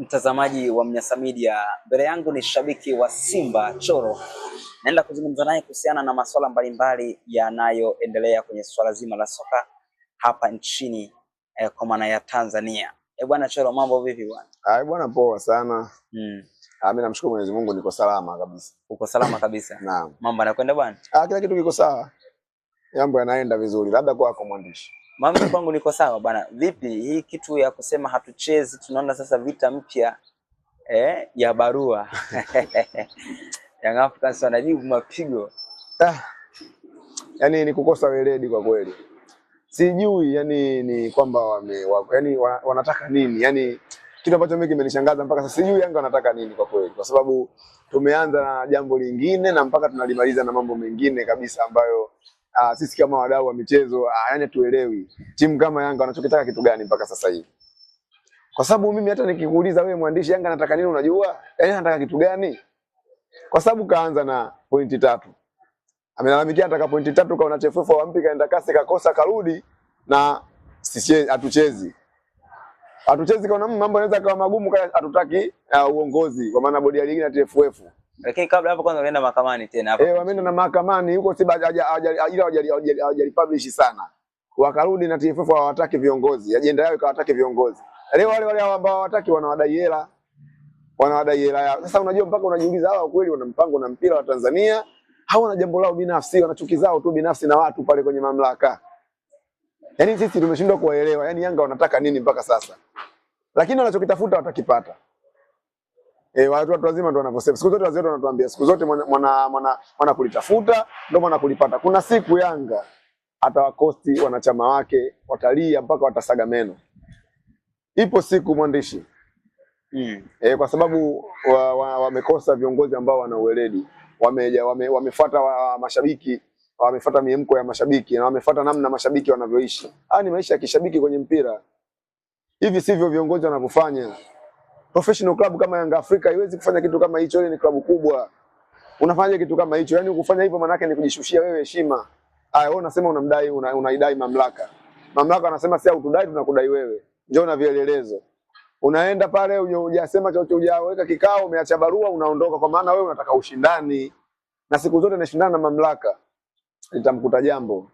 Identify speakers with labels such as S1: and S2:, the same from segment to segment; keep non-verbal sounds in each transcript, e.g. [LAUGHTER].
S1: mtazamaji wa Mnyasa Media, mbele yangu ni shabiki wa Simba Choro, naenda kuzungumza naye kuhusiana na masuala mbalimbali yanayoendelea kwenye swala zima la soka hapa nchini eh, kwa maana ya Tanzania. Eh, bwana Choro, mambo vipi bwana?
S2: Ah, bwana poa sana. Mm. Ah, mimi namshukuru Mwenyezi Mungu niko salama kabisa.
S1: Uko salama kabisa? Naam. Mambo yanakwenda bwana?
S2: Ah, kila kitu kiko sawa. Mambo yanaenda vizuri. Labda kwako mwandishi
S1: mami [COUGHS] kwangu niko sawa bwana. Vipi hii kitu ya kusema hatuchezi, tunaona sasa vita mpya eh, ya barua [LAUGHS] Young Africans wanajibu mapigo
S2: ah. Yani ni kukosa weledi kwa kweli, sijui yani ni kwamba wame, wa, yani, wa, wanataka nini yani kitu ambacho mimi kimenishangaza mpaka sasa, sijui Yanga wanataka nini kwa kweli, kwa sababu tumeanza na jambo lingine na mpaka tunalimaliza na mambo mengine kabisa ambayo uh, sisi kama wadau wa michezo uh, ah, yani tuelewi timu kama Yanga wanachokitaka kitu gani mpaka sasa hivi, kwa sababu mimi hata nikikuuliza wewe mwandishi, Yanga anataka nini, unajua yani eh, anataka kitu gani? Kwa sababu kaanza na pointi tatu, amelalamikia anataka pointi tatu, kaona chefufu wampi, kaenda kasi, kakosa, karudi na sisi hatuchezi hatuchezi, kaona mm, mambo yanaweza kawa magumu, hatutaki uh, uongozi kwa maana bodi ya ligi na TFF
S1: lakini kabla hapo kwanza wameenda mahakamani tena
S2: hapo. Eh, wameenda na mahakamani huko si ila publish sana. Wakarudi na TFF hawataki viongozi. Ajenda yao ikawataki viongozi. Leo wale wale ambao hawataki wanawadai hela. Wanawadai hela Sasa unajua mpaka unajiuliza hawa kweli wana mpango na mpira wa Tanzania? Hawana jambo lao binafsi, wana chuki zao tu binafsi na watu pale kwenye mamlaka. Yaani sisi tumeshindwa kuwaelewa. Yaani Yanga wanataka nini mpaka sasa? Lakini wanachokitafuta watakipata. E, watu watu wazima ndo wanavyosema. Siku zote wazee wanatuambia siku zote mwana mwana mwana, kulitafuta ndio mwana kulipata. Kuna siku Yanga atawakosti wanachama wake watalia mpaka watasaga meno. Ipo siku mwandishi. Mm. E, kwa sababu wamekosa wa, wa viongozi ambao wana uweledi. Wameja wame, wamefuata wa, wa mashabiki, wamefuata miemko ya mashabiki na wamefuata namna mashabiki wanavyoishi. Ah, ni maisha ya kishabiki kwenye mpira. Hivi sivyo viongozi wanavyofanya professional club kama Yanga Afrika haiwezi kufanya kitu kama hicho. Ile yaani ni klabu kubwa, unafanya kitu kama hicho. Yani ukufanya hivyo, maana yake ni kujishushia wewe heshima. Aya, wewe unasema unamdai, unaidai una, mamlaka. Mamlaka anasema si hutudai, tunakudai wewe, njoo na vielelezo. Unaenda pale, hujasema chochote, hujaweka kikao, umeacha barua, unaondoka, kwa maana wewe unataka ushindani, na siku zote nashindana na mamlaka, litamkuta jambo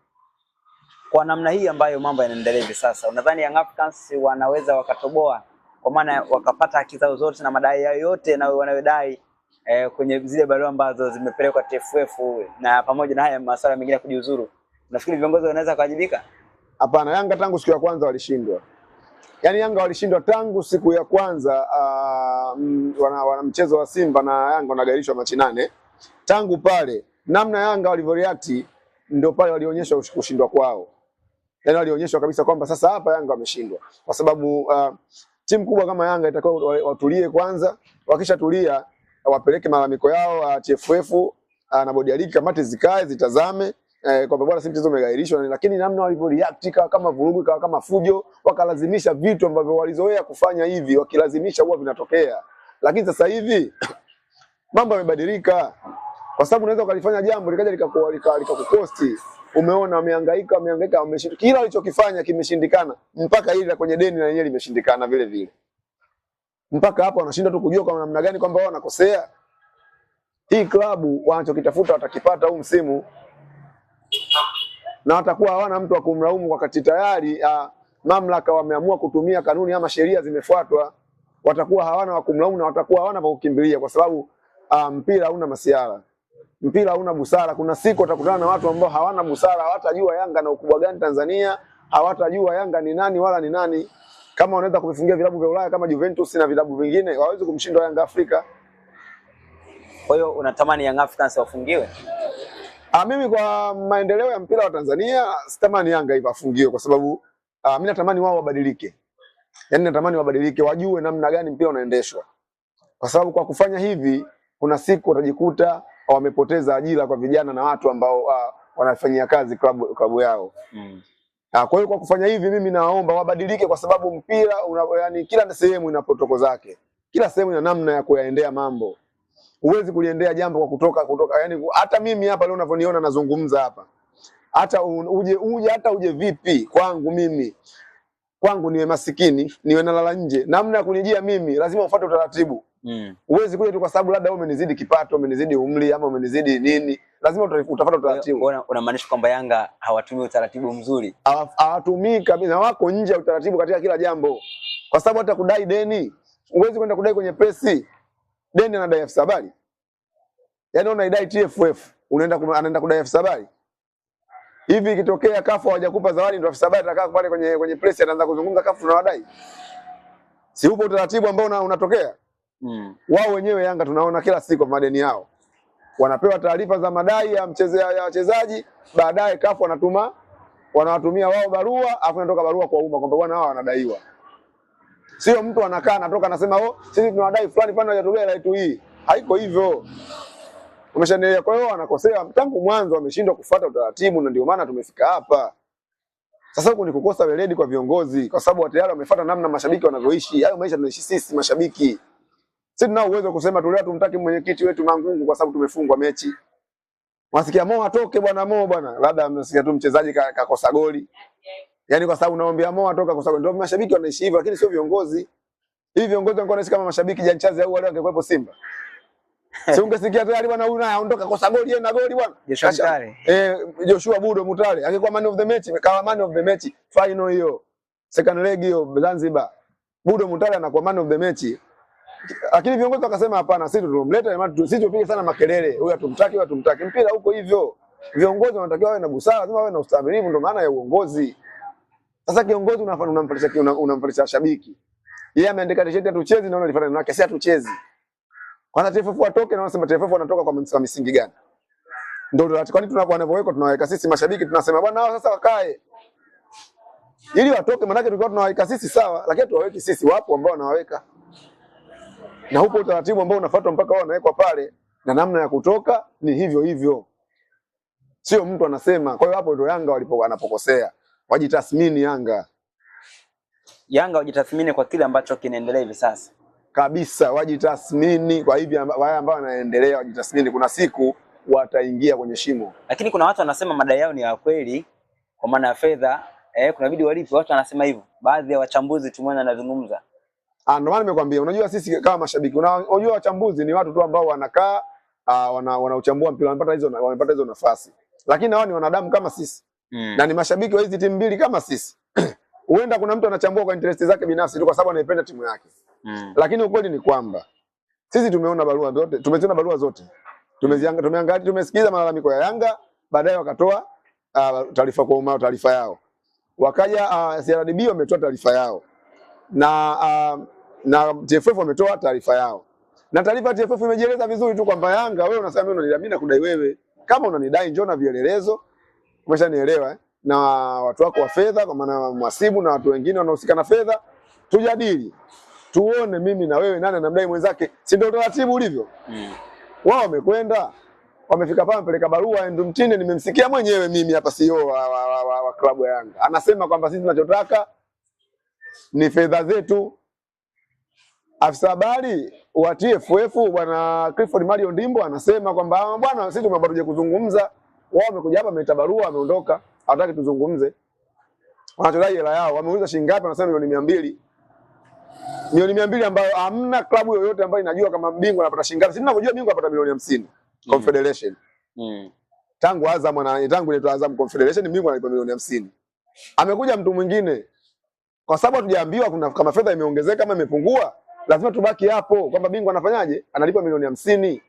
S1: kwa namna hii ambayo mambo yanaendelea hivi sasa. Unadhani Young Africans wanaweza wakatoboa kwa maana wakapata haki zao zote na madai yao yote na wanayodai eh, kwenye zile barua ambazo zimepelekwa TFF na pamoja na haya masuala mengine ya kujiuzuru. Nafikiri viongozi wanaweza kuwajibika?
S2: Hapana, Yanga tangu siku ya kwanza walishindwa. Yaani Yanga walishindwa tangu siku ya kwanza uh, wana, wana mchezo wa Simba na Yanga wanagairishwa Machi nane. Tangu pale namna Yanga walivyoreact ndio pale walionyesha kushindwa kwao. Yaani walionyeshwa kabisa kwamba sasa hapa Yanga wameshindwa kwa sababu uh, timu kubwa kama Yanga itakiwa watulie kwanza, wakishatulia wapeleke malalamiko yao ah, TFF ah, na bodi ya ligi, kamati zikae zitazame eh, kwa sababu si mchezo umegairishwa, lakini namna react kawa kama vurugu, kawa kama fujo, wakalazimisha vitu ambavyo walizoea kufanya hivi, wakilazimisha huwa vinatokea. Lakini sasa hivi [CLEARS THROAT] mambo yamebadilika, kwa sababu unaweza ukalifanya jambo likaja likakukosti lika umeona wameangaika, wameangaika, wameshindwa, kila walichokifanya kimeshindikana, mpaka ile la kwenye deni na yenyewe limeshindikana vile vile. Mpaka hapo wanashindwa tu kujua kwa namna gani kwamba wao wanakosea. Hii klabu wanachokitafuta watakipata huu msimu, na watakuwa hawana mtu wa kumlaumu wakati tayari a, ah, mamlaka wameamua kutumia kanuni ama sheria zimefuatwa. Watakuwa hawana wa kumlaumu na watakuwa hawana pa kukimbilia, kwa sababu ah, mpira hauna masiara. Mpira hauna busara. Kuna siku watakutana na watu ambao hawana busara, hawatajua Yanga na ukubwa gani Tanzania, hawatajua Yanga ni nani wala ni nani. Kama wanaweza kuvifungia vilabu vya Ulaya kama Juventus na vilabu vingine, hawawezi kumshinda Yanga Afrika.
S1: Kwa hiyo unatamani Young Africans wafungiwe?
S2: Ah, mimi kwa maendeleo ya mpira wa Tanzania sitamani Yanga ifafungiwe kwa sababu ah, mimi natamani wao wabadilike. Yaani natamani wabadilike, wajue namna gani mpira unaendeshwa. Kwa sababu kwa kufanya hivi kuna siku utajikuta wamepoteza ajira kwa vijana na watu ambao uh, wanafanyia kazi klabu, klabu yao mm. Uh, kwa hiyo kwa kufanya hivi mimi nawaomba wabadilike, kwa sababu mpira una, yani, kila sehemu ina protokoli zake, kila sehemu ina namna ya kuyaendea mambo. Huwezi kuliendea jambo kwa kutoka kutoka, yani hata mimi hapa leo unavyoniona nazungumza hapa, hata uje uje hata uje vipi kwangu mimi kwangu niwe masikini niwe nalala nje, namna ya kunijia mimi lazima ufuate utaratibu. Mm. Uwezi kuja tu kwa sababu labda wewe umenizidi kipato, umenizidi umri ama umenizidi nini. Lazima utafuta utaratibu.
S1: Unamaanisha kwamba Yanga hawatumii utaratibu mzuri?
S2: Hawatumii kabisa, wako nje ya utaratibu katika kila jambo. Kwa sababu hata kudai deni, uwezi kwenda kudai kwenye pesi Deni anadai afisa habari. Yaani unaidai TFF, unaenda anaenda kudai afisa habari. Hivi ikitokea kafu hawajakupa zawadi ndio afisa baadaye atakaa pale kwenye kwenye press anaanza kuzungumza kafu tunawadai. Si upo utaratibu ambao unatokea? Una mm. wao wenyewe Yanga tunaona kila siku kwa madeni yao wanapewa taarifa za madai ya mchezea ya wachezaji, baadaye kafu wanatuma wanawatumia wao barua, afu inatoka barua kwa umma kwamba bwana hao wanadaiwa. Sio mtu anakaa anatoka anasema oh, sisi tunawadai fulani fulani hajatubia hela yetu hii. Haiko hivyo, umeshanielewa? Kwa hiyo wanakosea tangu mwanzo, wameshindwa kufuata utaratibu, na ndio maana tumefika hapa sasa. Huku ni kukosa weledi kwa viongozi, kwa sababu tayari wamefuata namna mashabiki wanavyoishi. Hayo maisha tunaishi sisi mashabiki. Sisi tunao uwezo kusema tuleo tumtaki mwenyekiti wetu Mangungu kwa sababu tumefungwa mechi. Wasikia Mo atoke bwana Mo bwana. Labda amesikia tu mchezaji kakosa goli. Yaani kwa sababu unaombea Mo atoka kwa sababu ndio mashabiki wanaishi hivyo lakini sio viongozi. Hivi viongozi wangekuwa wanaishi kama mashabiki Jan Chazi au wale wangekuwepo Simba. [LAUGHS] Si ungesikia tayari bwana huyu naye aondoka kosa goli yeye na goli bwana.
S1: Joshua Mutale.
S2: Eh, Joshua Budo Mutale angekuwa man of the match, kawa man of the match final hiyo. Second leg hiyo Zanzibar. Budo Mutale anakuwa man of the match. Lakini viongozi wakasema hapana, sisi jamaa, sisi tupige sana makelele, huyu hatumtaki, hatumtaki. Mpira huko hivyo, viongozi wanatakiwa wawe na busara, lazima wawe na ustahimilivu, ndio maana ya uongozi. Sasa kiongozi unafanya unamfalisha unamfalisha shabiki, yeye ameandika tisheti hatuchezi, naona alifuata neno lake, si hatuchezi. Kwanza TFF watoke, naona sema TFF wanatoka kwa misingi gani? Ndio ndio, kwani tunapo wanavyowekwa tunawaweka sisi mashabiki, tunasema bwana hao sasa wakae ili watoke, maanake tulikuwa tunawaika sisi sawa, lakini tuwaweki sisi, wapo ambao wanawaweka na hupo utaratibu ambao unafuatwa mpaka wao wanawekwa pale, na namna ya kutoka ni hivyo hivyo, sio mtu anasema. Kwa hiyo hapo ndio Yanga walipo wanapokosea, wajitathmini. Yanga
S1: Yanga wajitathmini kwa kile ambacho kinaendelea hivi sasa
S2: kabisa, wajitathmini kwa hivi wale ambao wanaendelea, wajitathmini. Kuna siku wataingia kwenye shimo,
S1: lakini kuna watu wanasema madai yao ni ya kweli kwa maana ya fedha eh, kuna video walipo watu wanasema hivyo, baadhi ya wachambuzi tumeona anazungumza
S2: Ah, ndio maana nimekwambia, unajua sisi kama mashabiki, unajua wachambuzi ni watu tu ambao wanakaa ah, wana wanauchambua mpira, wamepata hizo wamepata hizo nafasi, lakini hao ni wanadamu kama sisi mm. na ni mashabiki wa hizi timu mbili kama sisi [CLEARS THROAT] huenda kuna mtu anachambua kwa interest zake binafsi tu kwa sababu anaipenda timu yake mm. lakini ukweli ni kwamba sisi tumeona barua zote, tumeziona barua zote, tumezianga, tumeangalia, tumesikiza malalamiko ya Yanga, baadaye wakatoa uh, taarifa kwa umma, taarifa yao, wakaja uh, ah, CRDB wametoa taarifa yao na uh, na TFF wametoa taarifa yao, na taarifa TFF imejieleza vizuri tu kwamba Yanga, wewe unasema mimi unanidai, mimi nakudai wewe. Kama unanidai njoo na vielelezo, umeshanielewa eh? na watu wako wa fedha, kwa maana mwasibu na watu wengine wanaohusika na fedha, tujadili tuone, mimi na wewe nani anamdai mwenzake, si ndio taratibu ulivyo? mm. wao wamekwenda wamefika pale, mpeleka barua ndo mtinde. Nimemsikia mwenyewe mimi hapa, CEO wa, wa, wa, wa, wa klabu ya Yanga anasema kwamba sisi tunachotaka ni fedha zetu Afisa habari wa TFF bwana Clifford Mario Ndimbo anasema kwamba ah, bwana, sisi tumekuja kuzungumza, wao wamekuja hapa, wameleta barua, wameondoka, hataki tuzungumze, wanatudai hela yao. Wameuliza shilingi ngapi? Anasema milioni mia mbili milioni mia mbili ambayo hamna klabu yoyote ambayo inajua kama bingwa anapata shilingi ngapi. Sisi tunajua bingwa anapata milioni hamsini mm. Confederation mm. tangu Azam na tangu ile Azam Confederation bingwa analipa milioni hamsini. Amekuja mtu mwingine, kwa sababu hatujaambiwa kuna kama fedha imeongezeka ama imepungua lazima tubaki hapo kwamba bingwa anafanyaje, analipa milioni hamsini.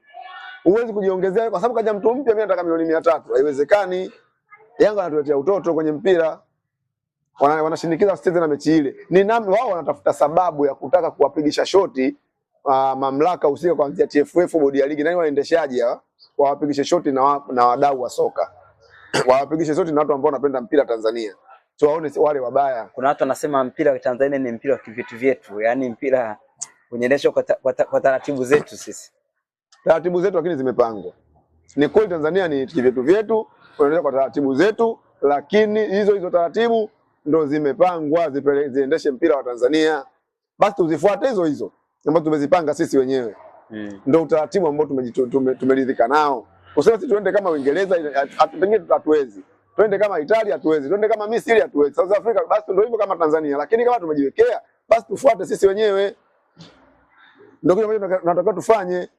S2: Huwezi kujiongezea kwa sababu kaja mtu mpya, mimi nataka milioni mia tatu. Haiwezekani. Yanga anatuletea utoto kwenye mpira, wanashinikiza wana wasicheze na mechi ile. Ni nani wao? Wanatafuta sababu ya kutaka kuwapigisha shoti uh, mamlaka husika kuanzia TFF, bodi ya ligi, nani waendeshaji hawa, wawapigishe shoti na, wa, na wadau wa soka [CLEARS THROAT] wawapigishe shoti na watu ambao wanapenda mpira Tanzania tuwaone wale wabaya.
S1: Kuna watu wanasema mpira wa Tanzania ni mpira wa kivitu vyetu, yani mpira unaendeshwa kwa, ta, kwa, ta, kwa taratibu zetu sisi,
S2: taratibu zetu lakini zimepangwa. Ni kweli Tanzania ni vyetu vyetu, unaendeshwa kwa taratibu zetu, lakini hizo hizo taratibu ndo zimepangwa ziendeshe mpira wa Tanzania, basi tuzifuate hizo hizo ambazo tumezipanga sisi wenyewe hmm. Ndo utaratibu ambao tumeridhika nao. Usema sisi tuende kama Uingereza, pengine hatuwezi twende kama Italia hatuwezi, twende kama Misri hatuwezi, South Africa, basi ndio hivyo kama Tanzania. Lakini kama tumejiwekea, basi tufuate sisi wenyewe ndio kile ambacho tunatakiwa tufanye,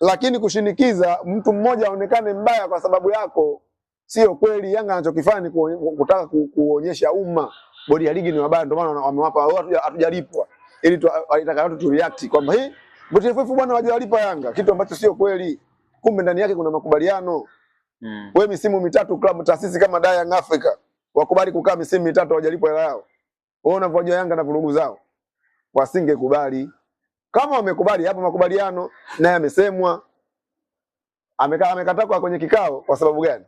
S2: lakini kushinikiza mtu mmoja aonekane mbaya kwa sababu yako sio kweli. Yanga anachokifanya ni kutaka kuonyesha umma bodi ya ligi ni wabaya, ndio maana wamewapa hatujalipwa, ili itaka watu tu react kwamba hii bodi ya FF bwana wajalipa Yanga, kitu ambacho sio kweli. Kumbe ndani yake kuna makubaliano mm. Wewe misimu mitatu klabu taasisi kama Dar Young Africa wakubali kukaa misimu mitatu hawajalipwa hela yao, wewe unavyojua Yanga na vurugu zao, wasingekubali. Kama wamekubali hapo makubaliano naye amesemwa. Amekaa amekataa kwa kwenye kikao kwa sababu gani?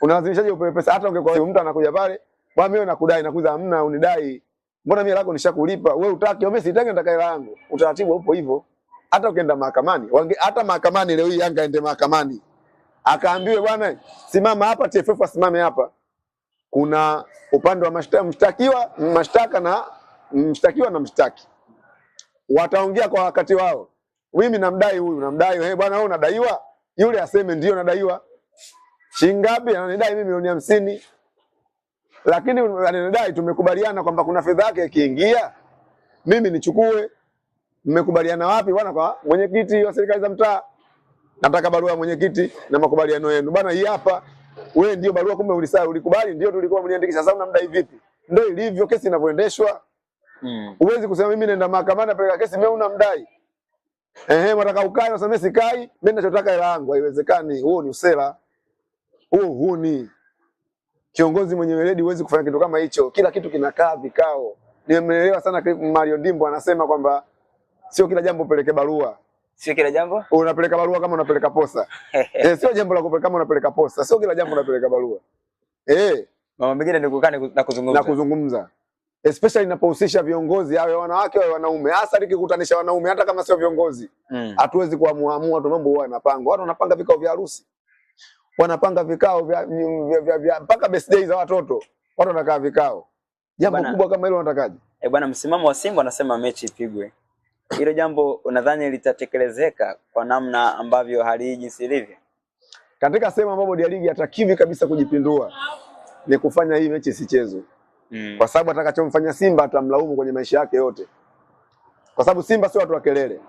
S2: Unalazimishaje upewe pesa hata ungekuwa mtu anakuja pale, bwana mimi nakudai nakuza amna unidai. Mbona mimi lako nishakulipa? Wewe utaki, wewe sitaki nataka hela yangu. Utaratibu upo hivyo. Hata ukienda mahakamani, wange hata mahakamani leo hii Yanga ende mahakamani. Akaambiwe bwana, simama hapa TFF asimame hapa. Kuna upande wa mashtaka mshtakiwa, mashtaka na mshtakiwa na mshtaki wataongea kwa wakati wao. Mimi namdai huyu, namdai hey, eh, bwana wewe unadaiwa. Yule aseme ndio nadaiwa. shingapi? ngapi? Ananidai mimi milioni hamsini. Lakini ananidai tumekubaliana kwamba kuna fedha yake ikiingia mimi nichukue. Mmekubaliana wapi bwana? Kwa mwenyekiti wa serikali za mtaa. Nataka barua ya mwenyekiti na makubaliano yenu. Bwana hii hapa. Wewe ndio barua kumbe ulisahau, ulikubali ndio tulikuwa mliandikisha. Sasa unamdai vipi? Ndio ilivyo kesi inavyoendeshwa. Mm. Uwezi kusema mimi nenda mahakamani napeleka kesi mimi una mdai. Ehe, nataka ukae na sema sikai, mimi ninachotaka hela yangu. Haiwezekani. Huo ni usela. Huo ni Kiongozi mwenye weledi huwezi kufanya kitu kama hicho. Kila kitu kinakaa vikao. Nimeelewa sana Mario Dimbo anasema kwamba sio kila jambo upeleke barua.
S1: Sio kila jambo?
S2: Unapeleka barua kama unapeleka posa. [LAUGHS] Eh, sio jambo la kupeleka kama unapeleka posa. Sio kila jambo unapeleka barua. Eh,
S1: mambo mengine ni kukaa na kuzungumza. Na kuzungumza
S2: especially inapohusisha viongozi awe wanawake awe wanaume, hasa nikikutanisha wanaume, hata kama sio viongozi, mm. hatuwezi mm. kuamuamua tu. Mambo huwa yanapangwa, watu wanapanga vikao vya harusi, wanapanga vikao vya vya vya vya mpaka birthday za watoto, watu wanakaa vikao. Jambo kubwa kama hilo unatakaje?
S1: Eh bwana, msimamo wa Simba anasema mechi ipigwe. Hilo jambo unadhani litatekelezeka kwa namna ambavyo hali hii jinsi ilivyo?
S2: Katika sehemu ambapo bodi ya ligi hatakiwi kabisa kujipindua ni kufanya hii mechi isichezwe mm. kwa sababu atakachomfanya Simba atamlaumu kwenye maisha yake yote, kwa sababu Simba sio watu wa kelele.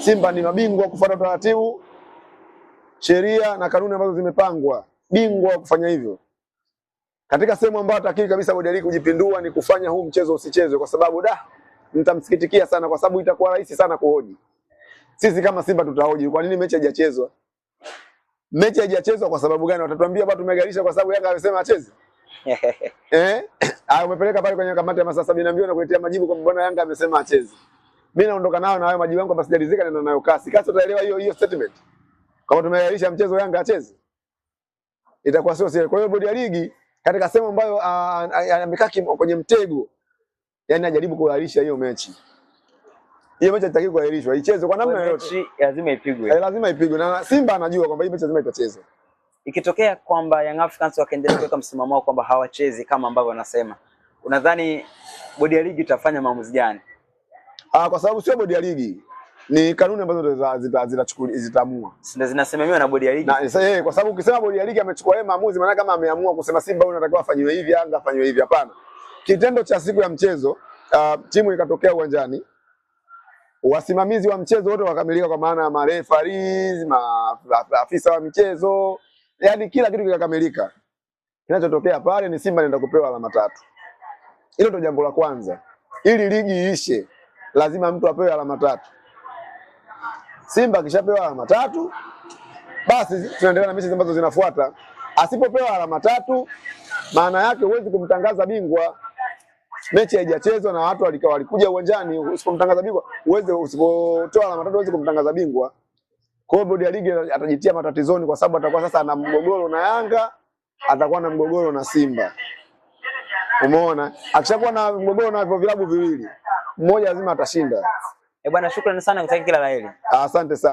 S2: Simba ni mabingwa kufuata taratibu, sheria na kanuni ambazo zimepangwa, bingwa wa kufanya hivyo. Katika sehemu ambayo atakiri kabisa bodi ligi kujipindua ni kufanya huu mchezo usichezwe, kwa sababu da, nitamsikitikia sana, kwa sababu itakuwa rahisi sana kuhoji. Sisi kama Simba tutahoji kwa nini mechi haijachezwa. Mechi haijachezwa kwa sababu gani? Watatuambia bado tumegalisha kwa sababu Yanga amesema acheze eh? [COUGHS] umepeleka pale kwenye kamati ya masaa 72 na kuletea majibu kwa mbona Yanga amesema acheze. Mimi naondoka nayo na hayo majibu yangu basi jalizika nenda nayo kasi. Kasi utaelewa hiyo hiyo statement. Kama tumeahirisha mchezo Yanga acheze. Itakuwa sio sio. Kwa hiyo bodi ya ligi katika sehemu ambayo amekaa ah, ah, kwenye mtego yani anajaribu kuahirisha hiyo mechi. Hiyo mechi haitakiwi kuahirishwa, ichezwe kwa namna yoyote.
S1: Lazima ipigwe.
S2: Eh, lazima ipigwe. Na Simba anajua kwamba hii mechi lazima itachezwa.
S1: Ikitokea kwamba Young Africans wakaendelea kuweka msimamo wao kwamba hawachezi kama ambavyo wanasema, unadhani bodi ya ligi itafanya maamuzi gani?
S2: Ah, kwa sababu sio bodi ya ligi, ni kanuni ambazo zitachukuliwa zitamua,
S1: ndio zinasimamiwa na bodi ya ligi.
S2: Na eh, sasa yeye, eh, kwa sababu ukisema bodi ya ligi amechukua yeye maamuzi, maana kama ameamua kusema Simba huyu anatakiwa afanywe hivi, Yanga afanywe hivi, hapana. Kitendo cha siku ya mchezo uh, timu ikatokea uwanjani wasimamizi wa mchezo wote wakamilika, kwa maana ya marefariz, maafisa wa michezo yani kila kitu kikakamilika. Kinachotokea pale ni Simba anaenda kupewa alama tatu. Hilo ndo jambo la kwanza. Ili ligi iishe, lazima mtu apewe alama tatu. Simba akishapewa alama tatu, basi tunaendelea na mechi ambazo zinafuata. Asipopewa alama tatu, maana yake huwezi kumtangaza bingwa. Mechi haijachezwa na watu walikuja uwanjani, usipomtangaza bingwa, uweze usipotoa alama tatu, huwezi kumtangaza bingwa. Kwa hiyo bodi ya ligi atajitia matatizoni, kwa sababu atakuwa sasa ana mgogoro na Yanga, atakuwa na mgogoro na Simba. Umeona, akishakuwa na mgogoro na hivyo vilabu viwili, mmoja lazima atashinda.
S1: Eh bwana, shukrani sana, nikutakia kila la heri.
S2: Asante sana.